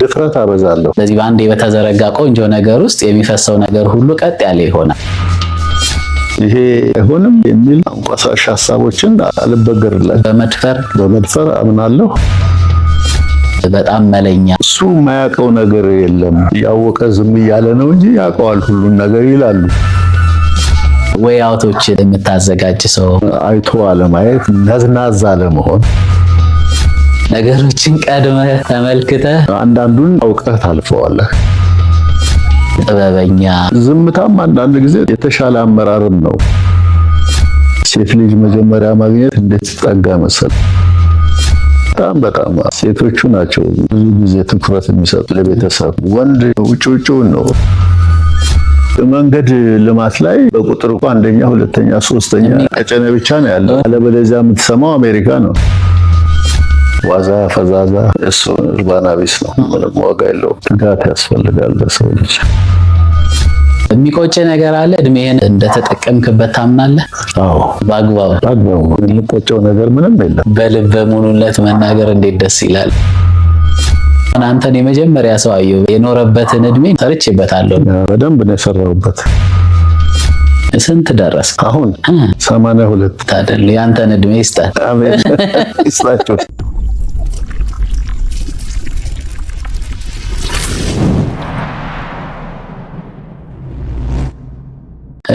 ድፍረት አበዛለሁ። ስለዚህ በአንዴ በተዘረጋ ቆንጆ ነገር ውስጥ የሚፈሰው ነገር ሁሉ ቀጥ ያለ ይሆናል። ይሄ አይሆንም የሚል አንቋሳሽ ሀሳቦችን አልበገርላቸው። በመድፈር በመድፈር አምናለሁ። በጣም መለኛ እሱ የማያውቀው ነገር የለም። እያወቀ ዝም እያለ ነው እንጂ ያውቀዋል ሁሉን ነገር ይላሉ። ወይ አውቶች የምታዘጋጅ ሰው አይቶ አለማየት ነዝናዛ አለመሆን ነገሮችን ቀድመ ተመልክተ አንዳንዱን አውቀህ ታልፈዋለህ። ጥበበኛ ዝምታም አንዳንድ ጊዜ የተሻለ አመራርም ነው። ሴት ልጅ መጀመሪያ ማግኘት እንዴት ጸጋ መሰል በጣም በጣም ሴቶቹ ናቸው ብዙ ጊዜ ትኩረት የሚሰጡ ለቤተሰብ። ወንድ ውጭ ውጭውን ነው። መንገድ ልማት ላይ በቁጥር አንደኛ፣ ሁለተኛ፣ ሶስተኛ ቀጨኔ ብቻ ነው ያለው። አለበለዚያ የምትሰማው አሜሪካ ነው። ዋዛ ፈዛዛ እሱ እርባና ቢስ ነው። ምንም ዋጋ የለውም። ትጋት ያስፈልጋል ለሰው ልጅ። የሚቆጭ ነገር አለ። እድሜህን እንደተጠቀምክበት ታምናለህ? አዎ፣ በአግባቡ በአግባቡ። የሚቆጨው ነገር ምንም የለም። በልበ ሙሉነት መናገር እንዴት ደስ ይላል። አንተን የመጀመሪያ ሰው አየሁ የኖረበትን እድሜ ሰርቼበታለሁ። በደንብ ነው የሰራሁበት። ስንት ደረስ? አሁን ሰማንያ ሁለት ታደል። ያንተን እድሜ ይስጣል። ይስጣቸው።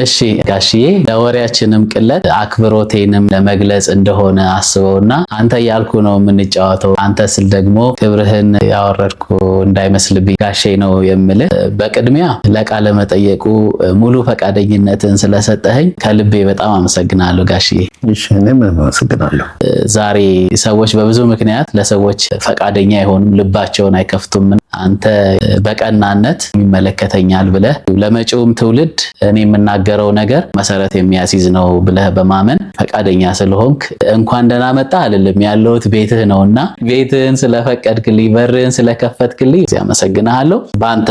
እሺ ጋሽዬ ለወሬያችንም ቅለት አክብሮቴንም ለመግለጽ እንደሆነ አስበውና አንተ ያልኩ ነው የምንጫወተው፣ አንተ ስል ደግሞ ክብርህን ያወረድኩ እንዳይመስልብኝ ጋሼ ነው የምልህ። በቅድሚያ ለቃለ መጠየቁ ሙሉ ፈቃደኝነትን ስለሰጠኸኝ ከልቤ በጣም አመሰግናለሁ ጋሽዬ። አመሰግናለሁ። ዛሬ ሰዎች በብዙ ምክንያት ለሰዎች ፈቃደኛ አይሆኑም፣ ልባቸውን አይከፍቱም። አንተ በቀናነት ይመለከተኛል ብለህ ለመጪውም ትውልድ እኔ የምና ለምናገረው ነገር መሰረት የሚያስይዝ ነው ብለህ በማመን ፈቃደኛ ስለሆንክ እንኳን ደህና መጣ አልልም። ያለሁት ቤትህ እና ቤትህን ስለፈቀድክልኝ፣ በርህን ስለከፈትክልኝ አመሰግንሃለሁ። በአንተ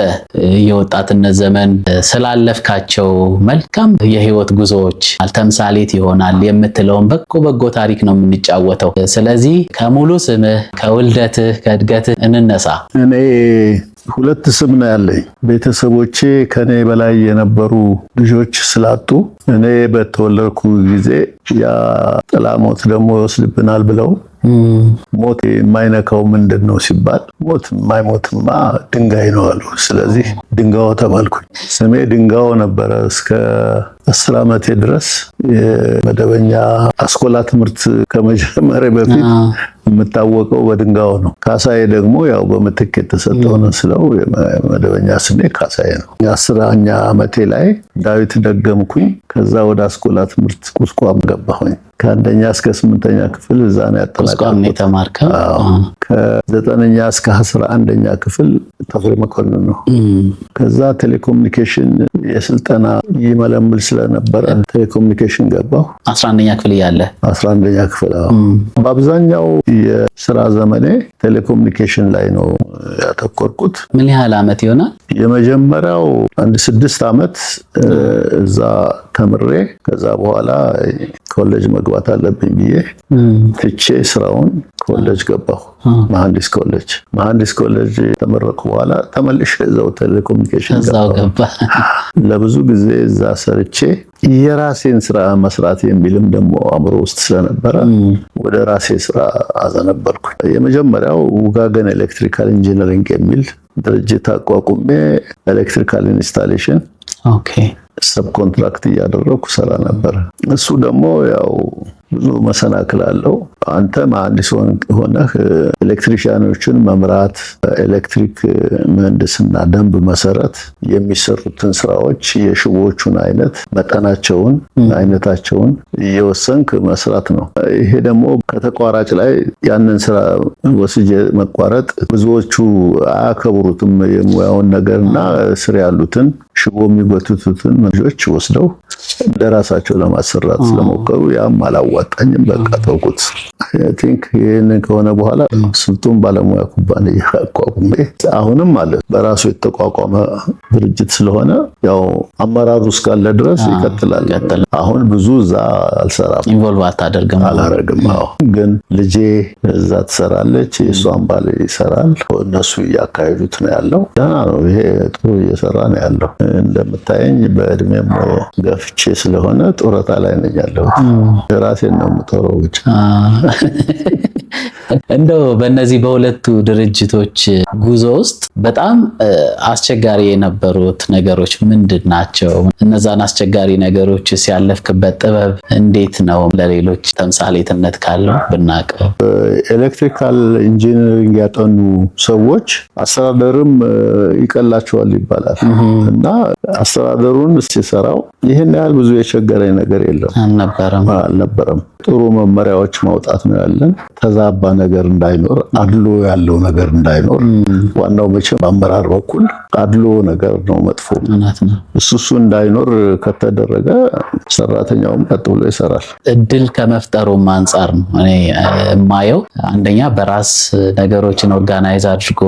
የወጣትነት ዘመን ስላለፍካቸው መልካም የህይወት ጉዞዎች አልተምሳሌት ይሆናል የምትለውን በጎ በጎ ታሪክ ነው የምንጫወተው። ስለዚህ ከሙሉ ስምህ ከውልደትህ ከእድገትህ እንነሳ። እኔ ሁለት ስም ነው ያለኝ። ቤተሰቦቼ ከኔ በላይ የነበሩ ልጆች ስላጡ እኔ በተወለድኩ ጊዜ ያ ጥላ ሞት ደግሞ ይወስድብናል ብለው ሞት የማይነካው ምንድን ነው ሲባል ሞት የማይሞትማ ድንጋይ ነው አሉ። ስለዚህ ድንጋው ተባልኩኝ። ስሜ ድንጋዮ ነበረ እስከ አስር ዓመቴ ድረስ የመደበኛ አስኮላ ትምህርት ከመጀመሪያ በፊት የምታወቀው በድንጋው ነው። ካሳዬ ደግሞ ያው በምትክ የተሰጠው ነው ስለው መደበኛ ስሜ ካሳዬ ነው። የአስረኛ ዓመቴ ላይ ዳዊት ደገምኩኝ። ከዛ ወደ አስኮላ ትምህርት ቁስቋም ገባሁኝ። ከአንደኛ እስከ ስምንተኛ ክፍል እዛ ነው ያጠናቀቅኩት። ከዘጠነኛ እስከ አስራ አንደኛ ክፍል ተፈሪ መኮንን ነው። ከዛ ቴሌኮሙኒኬሽን የስልጠና ይመለምል ስለነበረ ቴሌኮሙኒኬሽን ገባሁ። አስራ አንደኛ ክፍል እያለ አስራ አንደኛ ክፍል በአብዛኛው የስራ ዘመኔ ቴሌኮሙኒኬሽን ላይ ነው ያተኮርኩት። ምን ያህል አመት ይሆናል? የመጀመሪያው አንድ ስድስት አመት እዛ ተምሬ ከዛ በኋላ ኮሌጅ መግባት አለብኝ ብዬ ትቼ ስራውን ኮሌጅ ገባሁ። መሐንዲስ ኮሌጅ መሐንዲስ ኮሌጅ ተመረቁ በኋላ ተመልሼ እዛው ቴሌኮሙኒኬሽን ገባ። ለብዙ ጊዜ እዛ ሰርቼ የራሴን ስራ መስራት የሚልም ደግሞ አእምሮ ውስጥ ስለነበረ ወደ ራሴ ስራ አዘነበልኩ። የመጀመሪያው ውጋገን ኤሌክትሪካል ኢንጂነሪንግ የሚል ድርጅት አቋቁሜ ኤሌክትሪካል ኢንስታሌሽን ሰብ ኮንትራክት እያደረኩ ሰራ ነበር። እሱ ደግሞ ያው ብዙ መሰናክል አለው። አንተ መሐንዲስ ሆነህ ኤሌክትሪሽያኖችን መምራት፣ ኤሌክትሪክ ምህንድስና ደንብ መሰረት የሚሰሩትን ስራዎች፣ የሽቦዎቹን አይነት፣ መጠናቸውን፣ አይነታቸውን እየወሰንክ መስራት ነው። ይሄ ደግሞ ከተቋራጭ ላይ ያንን ስራ ወስጄ መቋረጥ ብዙዎቹ አያከብሩትም የሙያውን ነገርና ስር ያሉትን ሽቦ የሚጎትቱትን ልጆች ወስደው ለራሳቸው ለማሰራት ስለሞከሩ ያም አላዋጣኝም። በቃ ተውኩት። ቲንክ ይህንን ከሆነ በኋላ ስልጡን ባለሙያ ኩባንያ አቋቁሜ አሁንም አለ በራሱ የተቋቋመ ድርጅት ስለሆነ ያው አመራሩ እስካለ ድረስ ይቀጥላል። አሁን ብዙ እዛ አልሰራም፣ ኢንቮልቭ አታደርግም፣ አላረግም። ግን ልጄ እዛ ትሰራለች፣ የእሷን ባል ይሰራል። እነሱ እያካሄዱት ነው ያለው። ደህና ነው። ይሄ ጥሩ እየሰራ ነው ያለው እንደምታየኝ በ በእድሜም ገፍቼ ስለሆነ ጡረታ ላይ ነኝ ያለሁት። ራሴን ነው የምጦረው ብቻ። እንደው በእነዚህ በሁለቱ ድርጅቶች ጉዞ ውስጥ በጣም አስቸጋሪ የነበሩት ነገሮች ምንድን ናቸው? እነዛን አስቸጋሪ ነገሮች ሲያለፍክበት ጥበብ እንዴት ነው ለሌሎች ተምሳሌትነት ካለው ብናቀው? ኤሌክትሪካል ኢንጂነሪንግ ያጠኑ ሰዎች አስተዳደርም ይቀላቸዋል ይባላል እና አስተዳደሩን ሲሰራው ይህን ያህል ብዙ የቸገረኝ ነገር የለም አልነበረም። ጥሩ መመሪያዎች ማውጣት ነው ያለን። ተዛባ ነገር እንዳይኖር፣ አድሎ ያለው ነገር እንዳይኖር። ዋናው መቼም በአመራር በኩል አድሎ ነገር ነው መጥፎ። እሱ እሱ እንዳይኖር ከተደረገ ሰራተኛውም ቀጥ ብሎ ይሰራል። እድል ከመፍጠሩም አንጻር ነው እኔ የማየው። አንደኛ በራስ ነገሮችን ኦርጋናይዝ አድርጎ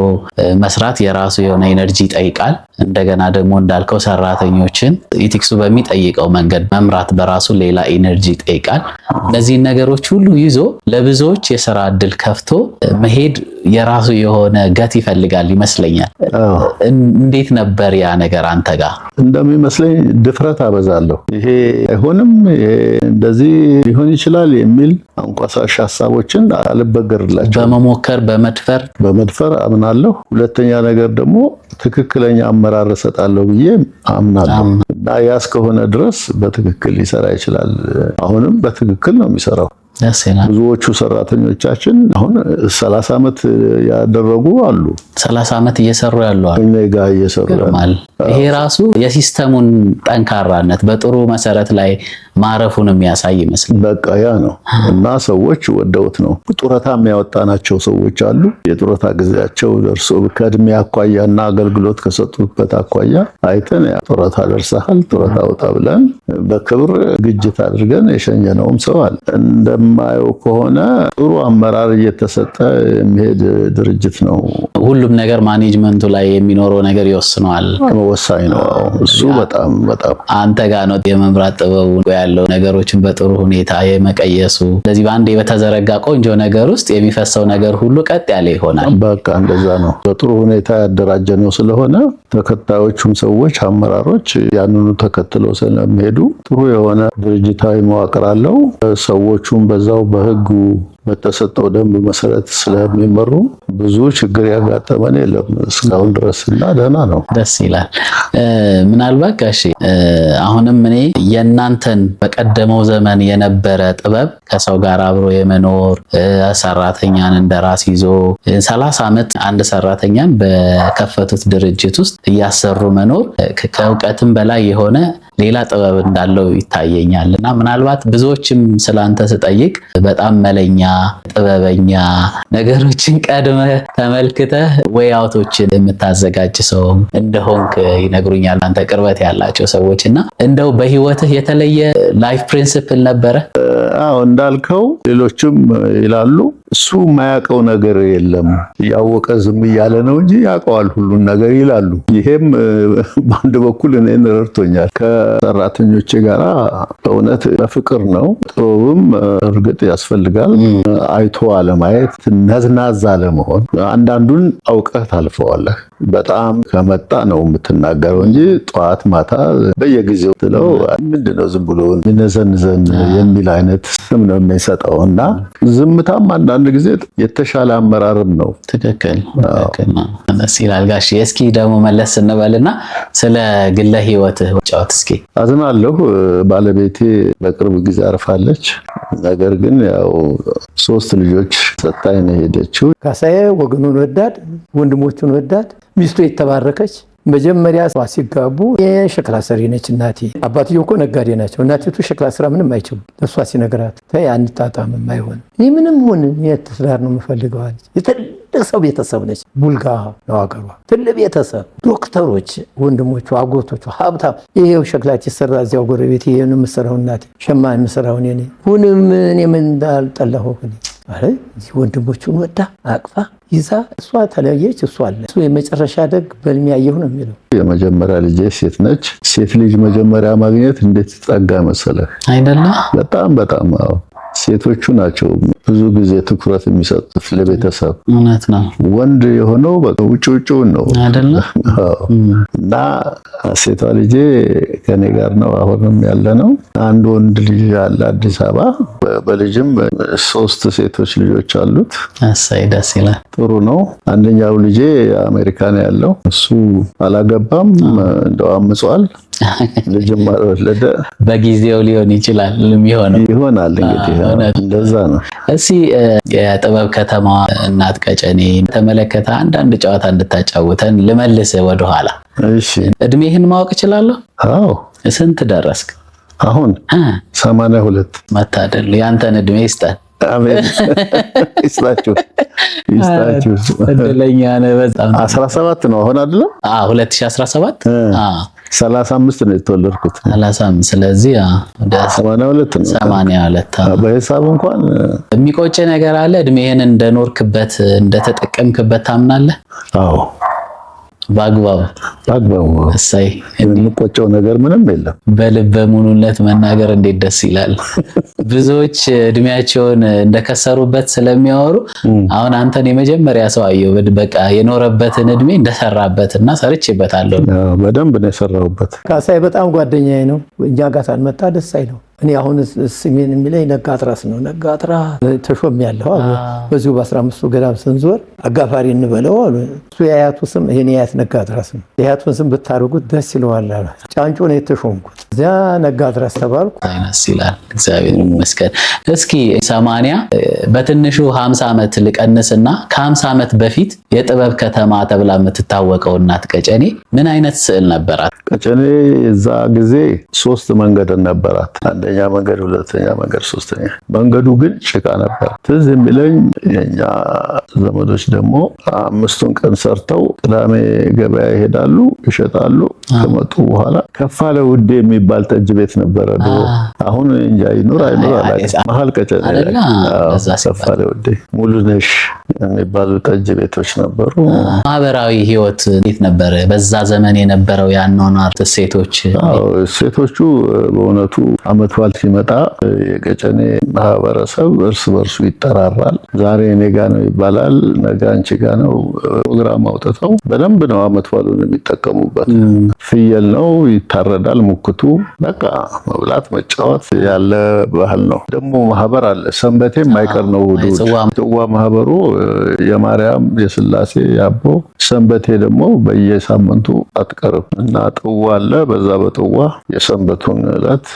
መስራት የራሱ የሆነ ኤነርጂ ይጠይቃል። እንደገና ደግሞ እንዳልከው ሰራተኞችን ኢቲክሱ በሚጠይቀው መንገድ መምራት በራሱ ሌላ ኤነርጂ ይጠይቃል። እነዚህን ነገሮች ሁሉ ይዞ ለብዙዎች የስራ እድል ከፍቶ መሄድ የራሱ የሆነ ገት ይፈልጋል ይመስለኛል። እንዴት ነበር ያ ነገር አንተ ጋር? እንደሚመስለኝ ድፍረት አበዛለሁ። ይሄ አይሆንም፣ ይሄ እንደዚህ ሊሆን ይችላል የሚል አንቋሳሽ ሀሳቦችን አልበገርላቸው። በመሞከር በመድፈር በመድፈር አምናለሁ። ሁለተኛ ነገር ደግሞ ትክክለኛ አመራር እሰጣለሁ ብዬ አምናለሁ እና ያ እስከሆነ ድረስ በትክክል ሊሰራ ይችላል። አሁንም በትክክል ነው የሚሰራው። ብዙዎቹ ሰራተኞቻችን አሁን ሰላሳ ዓመት ያደረጉ አሉ። ሰላሳ ዓመት እየሰሩ ያሉ አሉ። እኔ ጋር እየሰሩ ይሄ ራሱ የሲስተሙን ጠንካራነት በጥሩ መሰረት ላይ ማረፉን የሚያሳይ ይመስል በቃ ያ ነው እና ሰዎች ወደውት ነው። ጡረታ የሚያወጣናቸው ሰዎች አሉ። የጡረታ ጊዜያቸው ደርሶ ከእድሜ አኳያ እና አገልግሎት ከሰጡበት አኳያ አይተን ጡረታ ደርሰሃል፣ ጡረታ አውጣ ብለን በክብር ግጅት አድርገን የሸኘነውም ሰው አለ። እንደ የማየው ከሆነ ጥሩ አመራር እየተሰጠ የሚሄድ ድርጅት ነው። ሁሉም ነገር ማኔጅመንቱ ላይ የሚኖረው ነገር ይወስነዋል። ወሳኝ ነው። እሱ በጣም በጣም አንተ ጋር ነው የመምራት ጥበቡ ያለው ነገሮችን በጥሩ ሁኔታ የመቀየሱ። ስለዚህ በአንዴ በተዘረጋ ቆንጆ ነገር ውስጥ የሚፈሰው ነገር ሁሉ ቀጥ ያለ ይሆናል። በቃ እንደዛ ነው። በጥሩ ሁኔታ ያደራጀ ነው ስለሆነ ተከታዮቹም ሰዎች አመራሮች ያንኑ ተከትለው ስለሚሄዱ ጥሩ የሆነ ድርጅታዊ መዋቅር አለው። ሰዎቹም በዛው በህጉ በተሰጠው ደንብ መሰረት ስለሚመሩ ብዙ ችግር ያጋጠመን የለም እስካሁን ድረስ እና ደህና ነው። ደስ ይላል። ምናልባት ጋሺ አሁንም እኔ የእናንተን በቀደመው ዘመን የነበረ ጥበብ ከሰው ጋር አብሮ የመኖር ሰራተኛን እንደ ራስ ይዞ ሰላሳ ዓመት አንድ ሰራተኛን በከፈቱት ድርጅት ውስጥ እያሰሩ መኖር ከእውቀትም በላይ የሆነ ሌላ ጥበብ እንዳለው ይታየኛል እና ምናልባት ብዙዎችም ስላንተ ስጠይቅ በጣም መለኛ፣ ጥበበኛ ነገሮችን ቀድመ ተመልክተህ ወይ አውቶችን የምታዘጋጅ ሰውም እንደሆንክ ይነግሩኛል አንተ ቅርበት ያላቸው ሰዎች እና እንደው በህይወትህ የተለየ ላይፍ ፕሪንስፕል ነበረ? አዎ እንዳልከው ሌሎችም ይላሉ እሱ የማያውቀው ነገር የለም። እያወቀ ዝም እያለ ነው እንጂ ያውቀዋል ሁሉን ነገር ይላሉ። ይሄም በአንድ በኩል እኔን ረድቶኛል። ከሰራተኞቼ ጋር በእውነት በፍቅር ነው። ጥበብም እርግጥ ያስፈልጋል። አይቶ አለማየት፣ ነዝናዛ አለመሆን። አንዳንዱን አውቀህ ታልፈዋለህ፣ በጣም ከመጣ ነው የምትናገረው እንጂ ጠዋት ማታ በየጊዜው ትለው ምንድነው ዝም ብሎ ሚነዘንዘን የሚል አይነት ስም ነው የሚሰጠው። እና ዝምታም አንዳንድ ጊዜ የተሻለ አመራርም ነው። ትክክል ደስ ይላል ጋሽ። እስኪ ደግሞ መለስ ስንበልና ስለ ግለ ህይወትህ ጫወት እስኪ። አዝናለሁ ባለቤቴ በቅርብ ጊዜ አርፋለች። ነገር ግን ያው ሶስት ልጆች ሰጣኝ ነው የሄደችው። ካሳዬ ወገኑን ወዳድ፣ ወንድሞቹን ወዳድ፣ ሚስቱ የተባረከች። መጀመሪያ ሲጋቡ የሸክላ ሰሪ ነች እናቴ። አባትዮ እኮ ነጋዴ ናቸው። እናቴቱ ሸክላ ስራ ምንም አይችሉ። እሷ ሲነግራት ተይ አንጣጣም፣ አይሆንም። ይህ ምንም ሆን የትዳር ነው የምፈልገዋለች ትልቅ ሰው ቤተሰብ ነች። ቡልጋ ነው አገሯ። ትልቅ ቤተሰብ ዶክተሮች፣ ወንድሞቹ፣ አጎቶቹ ሀብታም። ይሄው ሸክላ ሲሰራ እዚያው ጎረቤት ይሄን የምሰራው እናቴ ሸማ የምሰራው እኔ ሁንም እኔ ምን እንዳልጠላሁ እዚህ ወንድሞቹን ወዳ አቅፋ ይዛ እሷ ተለየች። እሱ አለ እሱ የመጨረሻ ደግ በልሚ ያየሁ ነው የሚለው። የመጀመሪያ ልጄ ሴት ነች። ሴት ልጅ መጀመሪያ ማግኘት እንዴት ጸጋ መሰለህ አይደለ? በጣም በጣም ሴቶቹ ናቸው ብዙ ጊዜ ትኩረት የሚሰጡት ለቤተሰብ። እውነት ነው። ወንድ የሆነው ውጭ ውጭውን ነው አይደለ? እና ሴቷ ልጄ ከኔ ጋር ነው አሁንም ያለ ነው። አንድ ወንድ ልጅ አለ አዲስ አበባ። በልጅም ሶስት ሴቶች ልጆች አሉት። አሳይ ደስ ይላል። ጥሩ ነው። አንደኛው ልጄ አሜሪካን ያለው እሱ አላገባም፣ እንደው አምጿል። ልጅም አልወለደ በጊዜው ሊሆን ይችላል የሚሆነው ይሆናል። እንግዲህ እንደዛ ነው። እስኪ የጥበብ ከተማ እናት ቀጨኔ ተመለከተ አንዳንድ ጨዋታ እንድታጫውተን ልመልስ ወደኋላ። እድሜህን ማወቅ እችላለሁ? አዎ። ስንት ደረስክ? አሁን ሰማንያ ሁለት መታደል። ያንተን እድሜ ይስጠን። ይስጣችሁ ይስጣችሁ። እድለኛ ነህ በጣም። አስራ ሰባት ነው አሁን አይደለም? ሁለት ሺህ አስራ ሰባት ሰላሳ አምስት ነው የተወለድኩት። ሰላሳ ስለዚህ ወደ ሰማንያ ሁለት ነው። ሰማንያ ሁለት በሂሳብ እንኳን የሚቆጭ ነገር አለ። እድሜህን እንደኖርክበት እንደተጠቀምክበት ታምናለህ? አዎ በአግባቡ በአግባቡ። እሳይ የሚቆጨው ነገር ምንም የለም። በልበ ሙሉነት መናገር እንዴት ደስ ይላል። ብዙዎች እድሜያቸውን እንደከሰሩበት ስለሚያወሩ አሁን አንተን የመጀመሪያ ሰው አየሁ። በቃ የኖረበትን እድሜ እንደሰራበት እና ሰርቼበታለሁ። በደንብ ነው የሰራሁበት። ካሳይ በጣም ጓደኛዬ ነው። እኛ ጋር ሳንመጣ ደስ አይለው። እኔ አሁን ስሜን የሚለኝ ነጋጥራስ ነው። ነጋጥራ ተሾም ያለው በዚሁ በአስራ አምስቱ ገዳም ስንዞር አጋፋሪ እንበለው አሉ። እሱ የአያቱ ስም ይሄን የአያት ነጋጥራስ ነው። የአያቱን ስም ብታደርጉት ደስ ይለዋል አሉ። ጫንጮ ነው የተሾምኩት። እዚያ ነጋጥራስ ጥራስ ተባልኩ። ይላል እግዚአብሔር ይመስገን። እስኪ ሰማንያ በትንሹ ሀምሳ ዓመት ልቀንስና ከሀምሳ ዓመት በፊት የጥበብ ከተማ ተብላ የምትታወቀው እናት ቀጨኔ ምን አይነት ስዕል ነበራት? ቀጨኔ የዛ ጊዜ ሶስት መንገድ ነበራት። አንደኛ መንገድ፣ ሁለተኛ መንገድ፣ ሶስተኛ መንገዱ ግን ጭቃ ነበር። ትዝ የሚለኝ የኛ ዘመዶች ደግሞ አምስቱን ቀን ሰርተው ቅዳሜ ገበያ ይሄዳሉ፣ ይሸጣሉ። ከመጡ በኋላ ከፋለ ውዴ የሚባል ጠጅ ቤት ነበረ ድሮ። አሁን እንጃ ይኑር አይኑ መሀል ቀጨኔ ሙሉነሽ የሚባሉ ጠጅ ቤቶች ነበሩ። ማህበራዊ ህይወት እንዴት ነበረ? በዛ ዘመን የነበረው የአኗኗር እሴቶች እሴቶቹ በእውነቱ አመት በዓል ሲመጣ የቀጨኔ ማህበረሰብ እርስ በርሱ ይጠራራል። ዛሬ እኔ ጋ ነው ይባላል፣ ነገ አንቺ ጋ ነው። ፕሮግራም አውጥተው በደንብ ነው አመት በዓሉን የሚጠቀሙበት። ፍየል ነው ይታረዳል፣ ሙክቱ በቃ መብላት መጫወት ያለ ባህል ባህል ነው። ደግሞ ማህበር አለ። ሰንበቴ የማይቀር ነው። እሑድ ጽዋ ማህበሩ የማርያም የስላሴ ያቦ ሰንበቴ ደግሞ በየሳምንቱ አትቀርም እና ጥዋ አለ። በዛ በጥዋ የሰንበቱን እለት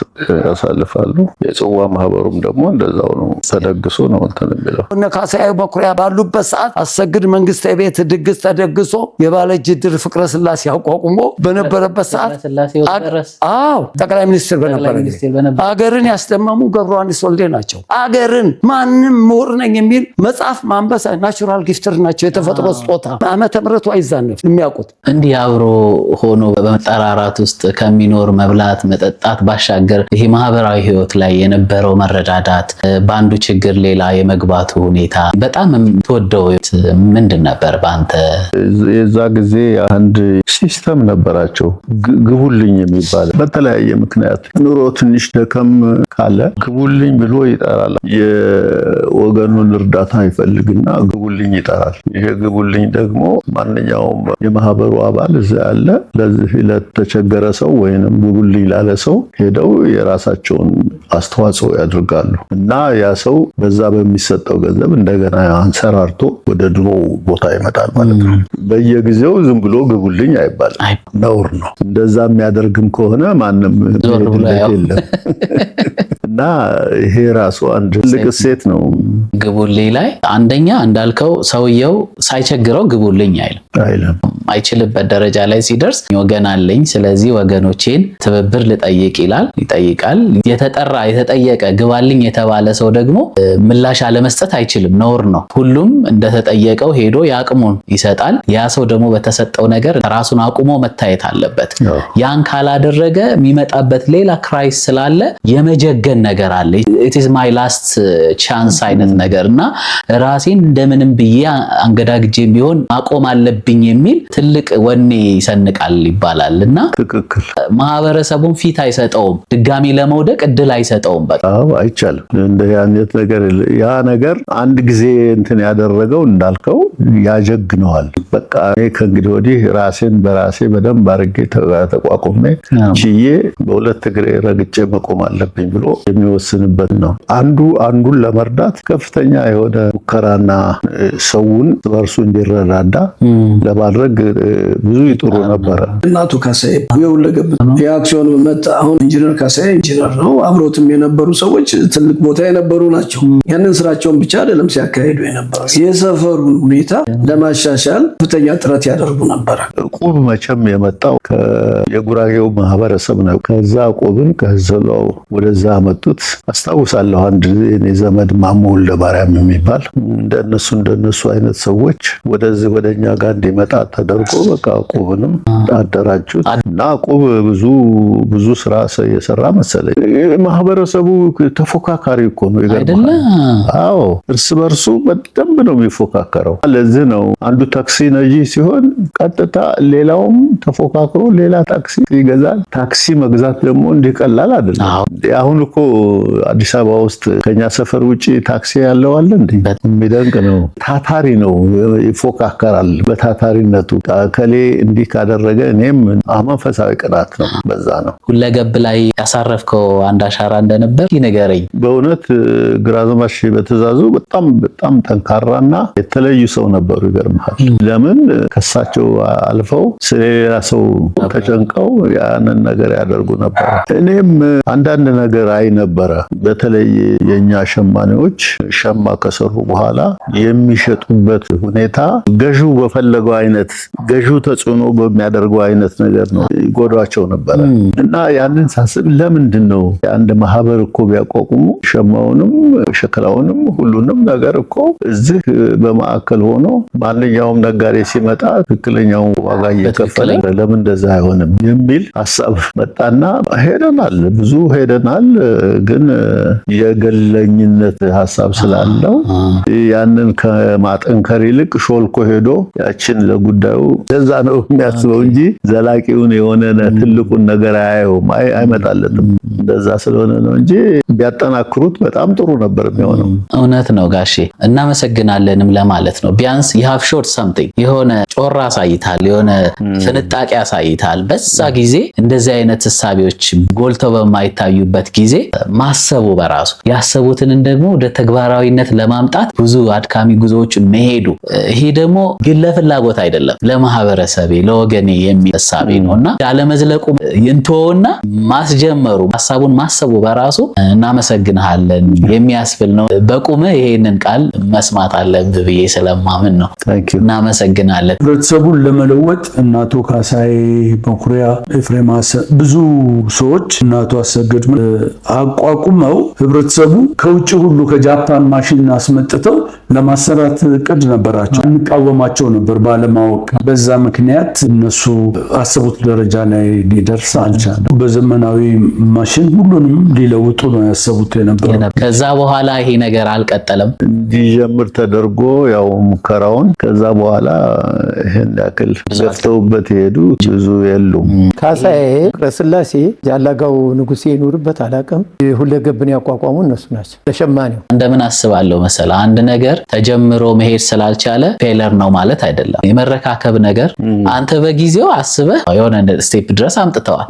ያሳልፋሉ። የጽዋ ማህበሩም ደግሞ እንደዛው ነው። ተደግሶ ነው እንትን የሚለው እነ ካሳዬ መኩሪያ ባሉበት ሰዓት አሰግድ መንግስት ቤት ድግስ ተደግሶ የባለእጅ ድር ፍቅረ ስላሴ አቋቁሞ በነበረበት ሰዓት ጠቅላይ ሚኒስትር በነበረ አገርን ያስደመሙ አብሮሃኒስ ወልዴ ናቸው። አገርን ማንም ምሁር ነኝ የሚል መጽሐፍ ማንበሳ ናቹራል ጊፍትር ናቸው። የተፈጥሮ ስጦታ ዓመተ ምሕረቱ አይዛነፍ የሚያውቁት እንዲህ አብሮ ሆኖ በመጠራራት ውስጥ ከሚኖር መብላት መጠጣት ባሻገር ይሄ ማህበራዊ ህይወት ላይ የነበረው መረዳዳት፣ በአንዱ ችግር ሌላ የመግባቱ ሁኔታ በጣም የምትወደው ምንድን ነበር? በአንተ የዛ ጊዜ አንድ ሲስተም ነበራቸው ግቡልኝ የሚባል በተለያየ ምክንያት ኑሮ ትንሽ ደከም ካለ ግቡልኝ ብሎ ይጠራል። የወገኑን እርዳታ ይፈልግና ግቡልኝ ይጠራል። ይሄ ግቡልኝ ደግሞ ማንኛውም የማህበሩ አባል እዛ ያለ ለዚህ ለተቸገረ ሰው ወይንም ግቡልኝ ላለ ሰው ሄደው የራሳቸውን አስተዋጽኦ ያድርጋሉ እና ያ ሰው በዛ በሚሰጠው ገንዘብ እንደገና አንሰራርቶ ወደ ድሮ ቦታ ይመጣል ማለት ነው። በየጊዜው ዝም ብሎ ግቡልኝ አይባልም፣ ነውር ነው። እንደዛ የሚያደርግም ከሆነ ማንም የለም እና ይሄ ራሱ አንድ ትልቅ እሴት ነው። ግቡልኝ ላይ አንደኛ እንዳልከው ሰውየው ሳይቸግረው ግቡልኝ አይልም። አይችልበት ደረጃ ላይ ሲደርስ ወገን አለኝ፣ ስለዚህ ወገኖቼን ትብብር ልጠይቅ ይላል፣ ይጠይቃል። የተጠራ የተጠየቀ ግባልኝ የተባለ ሰው ደግሞ ምላሽ አለመስጠት አይችልም፣ ነውር ነው። ሁሉም እንደተጠየቀው ሄዶ የአቅሙን ይሰጣል። ያ ሰው ደግሞ በተሰጠው ነገር ራሱን አቁሞ መታየት አለበት። ያን ካላደረገ የሚመጣበት ሌላ ክራይስ ስላለ የመጀገን ነገር ነገር አለ። ኢት ኢዝ ማይ ላስት ቻንስ አይነት ነገር እና ራሴን እንደምንም ብዬ አንገዳግጄ ቢሆን ማቆም አለብኝ የሚል ትልቅ ወኔ ይሰንቃል ይባላል እና ማህበረሰቡን ፊት አይሰጠውም፣ ድጋሚ ለመውደቅ እድል አይሰጠውም። በቃ አይቻልም እንደ አይነት ነገር ያ ነገር አንድ ጊዜ እንትን ያደረገው እንዳልከው ያጀግነዋል። በቃ እኔ ከእንግዲህ ወዲህ ራሴን በራሴ በደንብ አድርጌ ተቋቁሜ ችዬ በሁለት እግሬ ረግጬ መቆም አለብኝ ብሎ የሚወ የሚወስንበት ነው። አንዱ አንዱን ለመርዳት ከፍተኛ የሆነ ሙከራና ሰውን በእርሱ እንዲረዳዳ ለማድረግ ብዙ ይጥሩ ነበረ። እናቱ ካሳዬ የሁለገብ የአክሲዮን መጣ። አሁን ኢንጂነር ካሳዬ ኢንጂነር ነው። አብሮትም የነበሩ ሰዎች ትልቅ ቦታ የነበሩ ናቸው። ያንን ስራቸውን ብቻ አይደለም ሲያካሂዱ የነበረው የሰፈሩን ሁኔታ ለማሻሻል ከፍተኛ ጥረት ያደርጉ ነበረ። ቁብ መቼም የመጣው የጉራጌው ማህበረሰብ ነው። ከዛ ቁብን ከዘለው ወደዛ መጡት። አስታውሳለሁ። አንድ እኔ ዘመድ ማሞ ወልደ ማርያም የሚባል እንደነሱ እንደነሱ አይነት ሰዎች ወደዚህ ወደ እኛ ጋር እንዲመጣ ተደርጎ በቃ ቁብንም አደራጁት እና ቁብ ብዙ ብዙ ስራ የሰራ መሰለኝ። ማህበረሰቡ ተፎካካሪ እኮ ነው ይገርማል። አዎ እርስ በርሱ በደንብ ነው የሚፎካከረው። ለዚህ ነው አንዱ ታክሲ ነጂ ሲሆን ቀጥታ ሌላውም ተፎካክሮ ሌላ ታክሲ ይገዛል። ታክሲ መግዛት ደግሞ እንዲቀላል አይደለም። አሁን እኮ አዲስ አበባ ውስጥ ከኛ ሰፈር ውጭ ታክሲ ያለው አለ እንዴ? የሚደንቅ ነው። ታታሪ ነው፣ ይፎካከራል በታታሪነቱ። ከሌ እንዲህ ካደረገ እኔም መንፈሳዊ ቅናት ነው። በዛ ነው ሁለገብ ላይ ያሳረፍከው አንድ አሻራ እንደነበር ይንገረኝ። በእውነት ግራዝማሽ በትእዛዙ በጣም በጣም ጠንካራና የተለዩ ሰው ነበሩ። ይገርምሃል። ለምን ከሳቸው አልፈው ስለሌላ ሰው ተጨንቀው ያንን ነገር ያደርጉ ነበር። እኔም አንዳንድ ነገር አይ ነበር ነበረ። በተለይ የእኛ ሸማኔዎች ሸማ ከሰሩ በኋላ የሚሸጡበት ሁኔታ ገዢው በፈለገው አይነት ገዢው ተጽዕኖ በሚያደርገው አይነት ነገር ነው ይጎዷቸው ነበረ እና ያንን ሳስብ ለምንድን ነው የአንድ ማህበር እኮ ቢያቋቁሙ ሸማውንም ሸክላውንም ሁሉንም ነገር እኮ እዚህ በማዕከል ሆኖ ማንኛውም ነጋዴ ሲመጣ ትክክለኛው ዋጋ እየከፈለ ለምን እንደዛ አይሆንም የሚል ሀሳብ መጣና ሄደናል። ብዙ ሄደናል ግን ግን የገለኝነት ሀሳብ ስላለው ያንን ከማጠንከር ይልቅ ሾልኮ ሄዶ ያችን ለጉዳዩ ለዛ ነው የሚያስበው እንጂ ዘላቂውን የሆነ ትልቁን ነገር አያየውም፣ አይመጣለትም። እንደዛ ስለሆነ ነው እንጂ ቢያጠናክሩት በጣም ጥሩ ነበር የሚሆነው። እውነት ነው ጋሼ፣ እናመሰግናለንም ለማለት ነው። ቢያንስ የሀፍ ሾርት ሰምቲንግ የሆነ ጮራ አሳይታል፣ የሆነ ፍንጣቂ አሳይታል። በዛ ጊዜ እንደዚህ አይነት እሳቤዎች ጎልተው በማይታዩበት ጊዜ ማሰቡ በራሱ ያሰቡትን ደግሞ ወደ ተግባራዊነት ለማምጣት ብዙ አድካሚ ጉዞዎችን መሄዱ ይሄ ደግሞ ግን ለፍላጎት አይደለም፣ ለማህበረሰቤ ለወገኔ የሚል ነውና ነው እና ያለመዝለቁ ይንቶና ማስጀመሩ ሀሳቡን ማሰቡ በራሱ እናመሰግንሃለን የሚያስብል ነው። በቁምህ ይሄንን ቃል መስማት አለብህ ብዬ ስለማምን ነው። እናመሰግናለን። ህብረተሰቡን ለመለወጥ እናቶ ካሳዬ በኩሪያ ኤፍሬም ብዙ ሰዎች እናቶ አሰገድ አቋ አቋቁመው ህብረተሰቡ ከውጭ ሁሉ ከጃፓን ማሽን አስመጥተው ለማሰራት እቅድ ነበራቸው። እንቃወማቸው ነበር ባለማወቅ። በዛ ምክንያት እነሱ አሰቡት ደረጃ ላይ ሊደርስ አልቻለም። በዘመናዊ ማሽን ሁሉንም ሊለውጡ ነው ያሰቡት የነበረ። ከዛ በኋላ ይሄ ነገር አልቀጠለም፣ እንዲጀምር ተደርጎ ያው ሙከራውን ከዛ በኋላ ይህን ያክል ገፍተውበት ሄዱ። ብዙ የሉም። ካሳዬ ገብረስላሴ ያላጋው ንጉሴ ይኑርበት አላውቅም ሁለገብን ያቋቋሙ እነሱ ናቸው። ለሸማኔው እንደምን አስባለሁ መሰለ አንድ ነገር ተጀምሮ መሄድ ስላልቻለ ፌለር ነው ማለት አይደለም። የመረካከብ ነገር አንተ በጊዜው አስበህ የሆነ ስቴፕ ድረስ አምጥተዋል።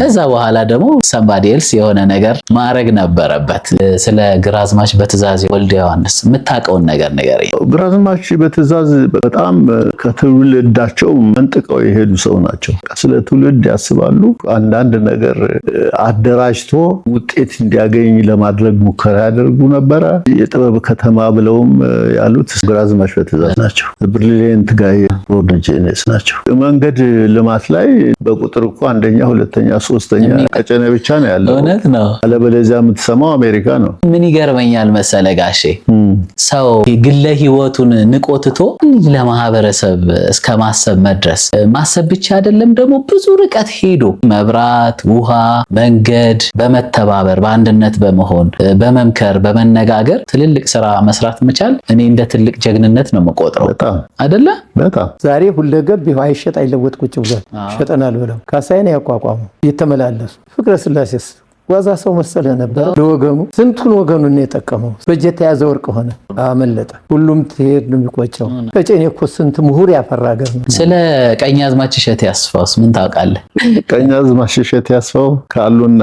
ከዛ በኋላ ደግሞ ሰምባዲ ኤልስ የሆነ ነገር ማድረግ ነበረበት። ስለ ግራዝማች በትእዛዝ ወልደ ዮሐንስ የምታውቀውን ነገር ነገር ግራዝማች በትእዛዝ በጣም ከትውልዳቸው መንጥቀው የሄዱ ሰው ናቸው። ስለ ትውልድ ያስባሉ። አንዳንድ ነገር አደራጅቶ ውጤት እንዲያገኝ ለማድረግ ሙከራ ያደርጉ ነበረ። የጥበብ ከተማ ብለውም ያሉት ግራዝማች በትእዛዝ ናቸው። ብሪሊየንት ጋይ ቦርንጄኔስ ናቸው። መንገድ ልማት ላይ በቁጥር እኮ አንደኛ፣ ሁለተኛ፣ ሶስተኛ ቀጨነ ብቻ ነው ያለው። እውነት ነው። አለበለዚያ የምትሰማው አሜሪካ ነው። ምን ይገርመኛል መሰለ ጋሼ ሰው ግለ ህይወቱን ንቆትቶ ለማህበረሰብ እስከ ማሰብ መድረስ ማሰብ ብቻ አይደለም ደግሞ ብዙ ርቀት ሄዶ መብራት፣ ውሃ፣ መንገድ በመተባበር በአንድነት በመሆን በመምከር በመነጋገር ትልልቅ ስራ መስራት መቻል እኔ እንደ ትልቅ ጀግንነት ነው መቆጥረው አደለ በጣም ዛሬ ሁለገብ ይኸው አይሸጥ አይለወጥ ቁጭ ብሏል። ይሸጠናል ብለው ካሳይን ያቋቋሙ የተመላለሱ ፍቅረ ስላሴስ ዋዛ ሰው መሰለ ነበር ለወገኑ ስንቱን ወገኑን የጠቀመው በጀት ያዘ ወርቅ ሆነ አመለጠ። ሁሉም ትሄድ ነው የሚቆጨው። ቀጨኔ እኮ ስንት ምሁር ያፈራ ሀገር ነው። ስለ ቀኛዝማች እሸቴ አስፋውስ ምን ታውቃለህ? ቀኛዝማች እሸቴ አስፋው ካሉን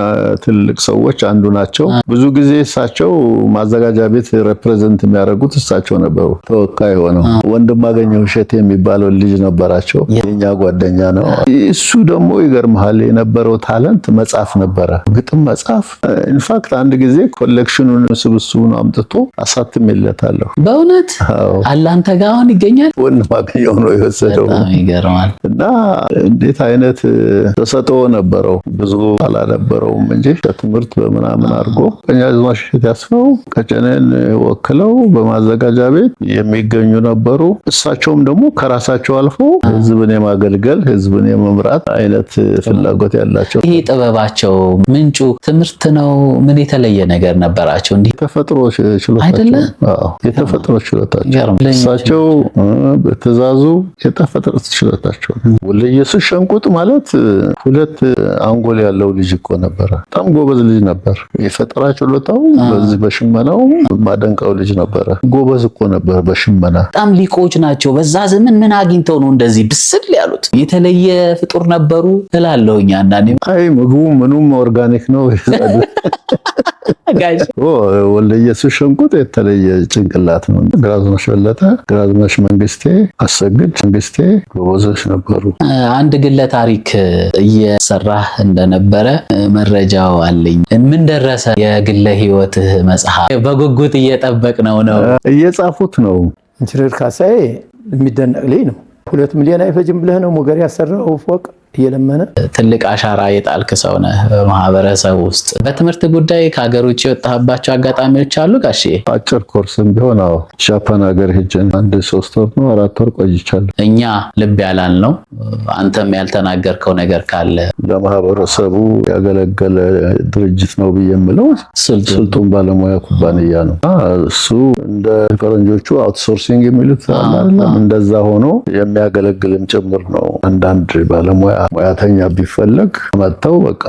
ትልቅ ሰዎች አንዱ ናቸው። ብዙ ጊዜ እሳቸው ማዘጋጃ ቤት ሬፕሬዘንት የሚያደርጉት እሳቸው ነበሩ። ተወካይ ሆነው ወንድም አገኘው እሸቴ የሚባለው ልጅ ነበራቸው። የኛ ጓደኛ ነው። እሱ ደግሞ ይገርመሃል የነበረው ታለንት መጻፍ ነበረ ግጥም መጽሐፍ ኢንፋክት አንድ ጊዜ ኮሌክሽኑን ስብስቡን አምጥቶ አሳትሜለታለሁ። በእውነት አላንተ ጋር አሁን ይገኛል። ወንድ ማገኘው ነው የወሰደው። ይገርማል። እና እንዴት አይነት ተሰጥኦ ነበረው። ብዙ አላነበረውም እንጂ ከትምህርት በምናምን አድርጎ ቀኛዝማች ያስፈው ቀጨኔን ወክለው በማዘጋጃ ቤት የሚገኙ ነበሩ። እሳቸውም ደግሞ ከራሳቸው አልፎ ህዝብን የማገልገል ህዝብን የመምራት አይነት ፍላጎት ያላቸው ይሄ ጥበባቸው ምንጩ ትምህርት ነው? ምን የተለየ ነገር ነበራቸው? እንዲህ ተፈጥሮ ችሎታቸው የተፈጥሮ ችሎታቸው እሳቸው በትእዛዙ የተፈጥሮ ችሎታቸው ወልደ ኢየሱስ ሸንቁጥ ማለት ሁለት አንጎል ያለው ልጅ እኮ ነበረ። በጣም ጎበዝ ልጅ ነበር። የፈጠራ ችሎታው በዚህ በሽመናው ማደንቃው ልጅ ነበረ። ጎበዝ እኮ ነበር በሽመና። በጣም ሊቆች ናቸው። በዛ ዘመን ምን አግኝተው ነው እንደዚህ ብስል ያሉት? የተለየ ፍጡር ነበሩ እላለሁኝ አንዳንዴ። አይ ምግቡ ምኑም ኦርጋኒክ ነው ወልደ ኢየሱስ ሸንቁጥ የተለየ ጭንቅላት ነው። ግራዝማች በለጠ፣ ግራዝማች መንግስቴ፣ አሰግድ መንግስቴ ጎበዞች ነበሩ። አንድ ግለ ታሪክ እየሰራህ እንደነበረ መረጃው አለኝ። ምን ደረሰ? የግለ ህይወትህ መጽሐፍ በጉጉት እየጠበቅ ነው ነው እየጻፉት ነው። ኢንጂነር ካሳዬ የሚደነቅ ልጅ ነው። ሁለት ሚሊዮን አይፈጅም ብለህ ነው ሞገር ያሰራው ፎቅ እየለመነ ትልቅ አሻራ የጣልክ ሰው ነህ በማህበረሰብ ውስጥ። በትምህርት ጉዳይ ከሀገር ውጭ የወጣህባቸው አጋጣሚዎች አሉ ጋሼ? አጭር ኮርስም ቢሆን አዎ፣ ጃፓን ሀገር ሄጄ አንድ ሶስት ወር ነው አራት ወር ቆይቻለሁ። እኛ ልብ ያላል ነው አንተም ያልተናገርከው ነገር ካለ ለማህበረሰቡ ያገለገለ ድርጅት ነው ብዬ የምለው ስልጡን ባለሙያ ኩባንያ ነው እሱ። እንደ ፈረንጆቹ አውትሶርሲንግ የሚሉት እንደዛ ሆኖ የሚያገለግልም ጭምር ነው። አንዳንድ ባለሙያ ሙያተኛ ቢፈለግ መጥተው በቃ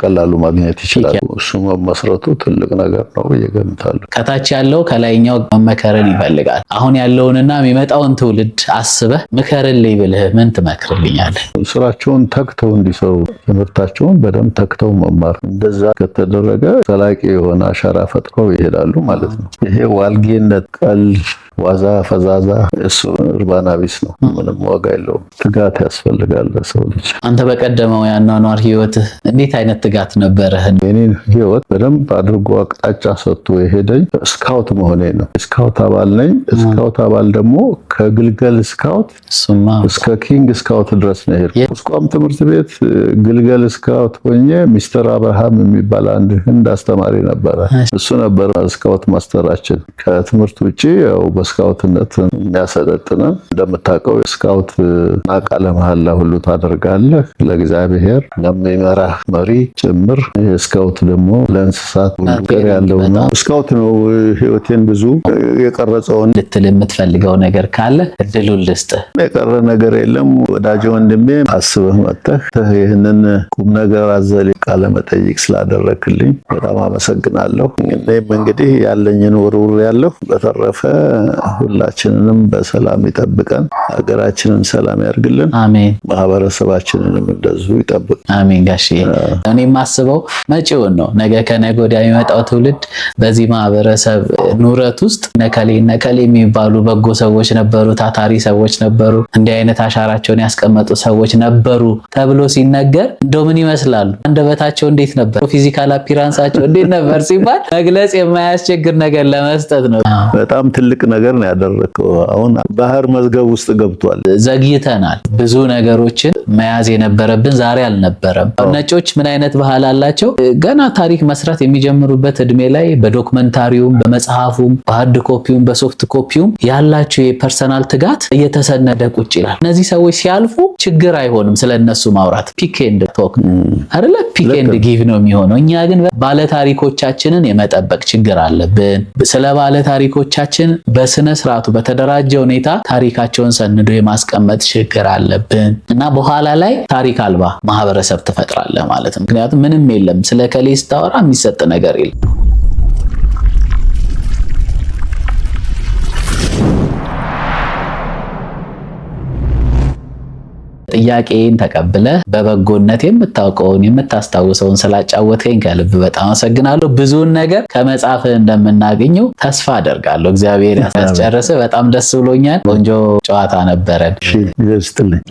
ቀላሉ ማግኘት ይችላል። እሱ መመስረቱ ትልቅ ነገር ነው ብዬ እገምታለሁ። ከታች ያለው ከላይኛው መመከርን ይፈልጋል። አሁን ያለውንና የሚመጣውን ትውልድ አስበህ ምከርልኝ ብልህ ምን ትመክርልኛለህ? ስራቸውን ተክተው እንዲሰሩ ትምህርታቸውን በደንብ ተክተው መማር፣ እንደዛ ከተደረገ ዘላቂ የሆነ አሻራ ፈጥረው ይሄዳሉ ማለት ነው። ይሄ ዋልጌነት ቀልድ ዋዛ ፈዛዛ እሱ እርባና ቢስ ነው። ምንም ዋጋ የለውም። ትጋት ያስፈልጋል ለሰው ልጅ። አንተ በቀደመው ያኗኗር ህይወትህ እንዴት አይነት ትጋት ነበረህን? የኔን ህይወት በደንብ አድርጎ አቅጣጫ ሰጥቶ የሄደኝ ስካውት መሆኔ ነው። ስካውት አባል ነኝ። ስካውት አባል ደግሞ ከግልገል ስካውት እስከ ኪንግ ስካውት ድረስ ነው የሄድኩት። ቁስቋም ትምህርት ቤት ግልገል ስካውት ሆኜ ሚስተር አብርሃም የሚባል አንድ ህንድ አስተማሪ ነበረ። እሱ ነበረ ስካውት ማስተራችን። ከትምህርት ውጭ ያው ስካውትነት የሚያሰለጥነን። እንደምታውቀው የስካውት እና ቃለ መሐላ ሁሉ ታደርጋለህ ለእግዚአብሔር ለሚመራህ መሪ ጭምር። ስካውት ደግሞ ለእንስሳት ሁሉ ቅር ያለው ነው። ስካውት ነው ህይወቴን ብዙ የቀረጸውን። ልትል የምትፈልገው ነገር ካለ እድሉን ልስጥህ። የቀረ ነገር የለም ወዳጅ ወንድሜ፣ አስበህ መጥተህ ይህንን ቁም ነገር አዘል ቃለ መጠይቅ ስላደረክልኝ በጣም አመሰግናለሁ። እኔም እንግዲህ ያለኝን ውርውር ያለሁ በተረፈ ሁላችንንም በሰላም ይጠብቀን። ሀገራችንን ሰላም ያርግልን። አሜን። ማህበረሰባችንንም እንደዚሁ ይጠብቅ። አሜን። ጋሽ እኔ የማስበው መጪውን ነው። ነገ ከነገ ወዲያ የሚመጣው ትውልድ በዚህ ማህበረሰብ ኑረት ውስጥ ነከሌ ነከሌ የሚባሉ በጎ ሰዎች ነበሩ፣ ታታሪ ሰዎች ነበሩ፣ እንዲህ አይነት አሻራቸውን ያስቀመጡ ሰዎች ነበሩ ተብሎ ሲነገር እንደው ምን ይመስላሉ? አንደበታቸው እንዴት ነበር? ፊዚካል አፒራንሳቸው እንዴት ነበር ሲባል መግለጽ የማያስቸግር ነገር ለመስጠት ነው። በጣም ትልቅ ነገር ነገር ነው ያደረከው። አሁን ባህር መዝገብ ውስጥ ገብቷል። ዘግይተናል። ብዙ ነገሮችን መያዝ የነበረብን ዛሬ አልነበረም። ነጮች ምን አይነት ባህል አላቸው? ገና ታሪክ መስራት የሚጀምሩበት እድሜ ላይ በዶክመንታሪውም፣ በመጽሐፉም፣ በሀርድ ኮፒውም፣ በሶፍት ኮፒውም ያላቸው የፐርሰናል ትጋት እየተሰነደ ቁጭ ይላል። እነዚህ ሰዎች ሲያልፉ ችግር አይሆንም ስለነሱ ማውራት። ፒክ ኤንድ ቶክ አይደለ? ፒክ ኤንድ ጊቭ ነው የሚሆነው። እኛ ግን ባለታሪኮቻችንን የመጠበቅ ችግር አለብን። ስለ ባለታሪኮቻችን በስ በስነ ስርዓቱ በተደራጀ ሁኔታ ታሪካቸውን ሰንዶ የማስቀመጥ ችግር አለብን እና በኋላ ላይ ታሪክ አልባ ማህበረሰብ ትፈጥራለህ ማለት ነው። ምክንያቱም ምንም የለም ስለ ከሌ ስታወራ የሚሰጥ ነገር የለም። ጥያቄን ተቀብለ በበጎነት የምታውቀውን የምታስታውሰውን ስላጫወትከኝ ከልብ በጣም አመሰግናለሁ። ብዙውን ነገር ከመጽሐፍ እንደምናገኘው ተስፋ አደርጋለሁ። እግዚአብሔር ያስጨርስ። በጣም ደስ ብሎኛል። ቆንጆ ጨዋታ ነበረን። ይስጥልኝ።